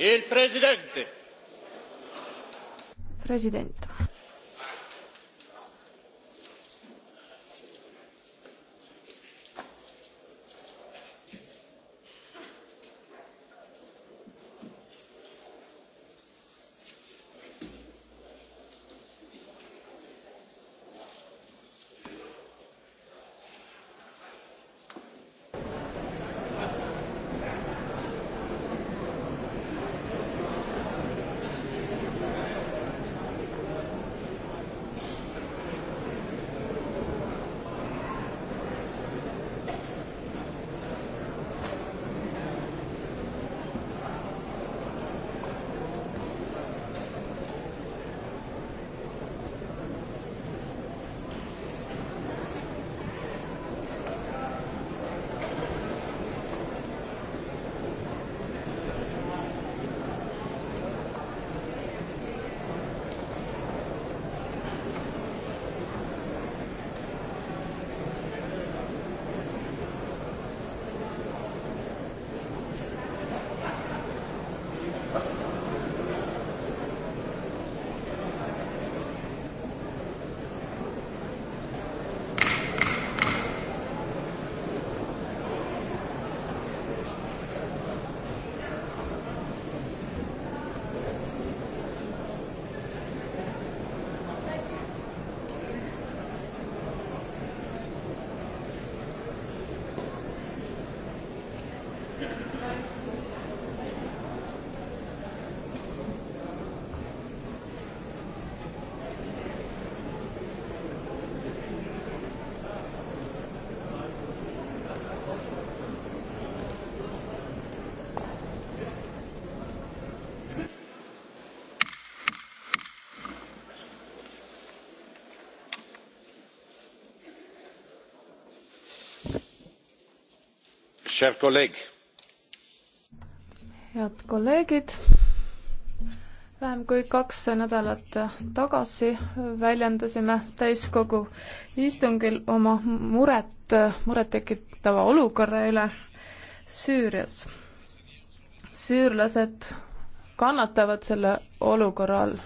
il presidente. president. head kolleegid vähem kui kaks nädalat tagasi väljendasime täiskogu istungil oma muret murettekitava olukorra üle süürias süürlased kannatavad selle olukorra all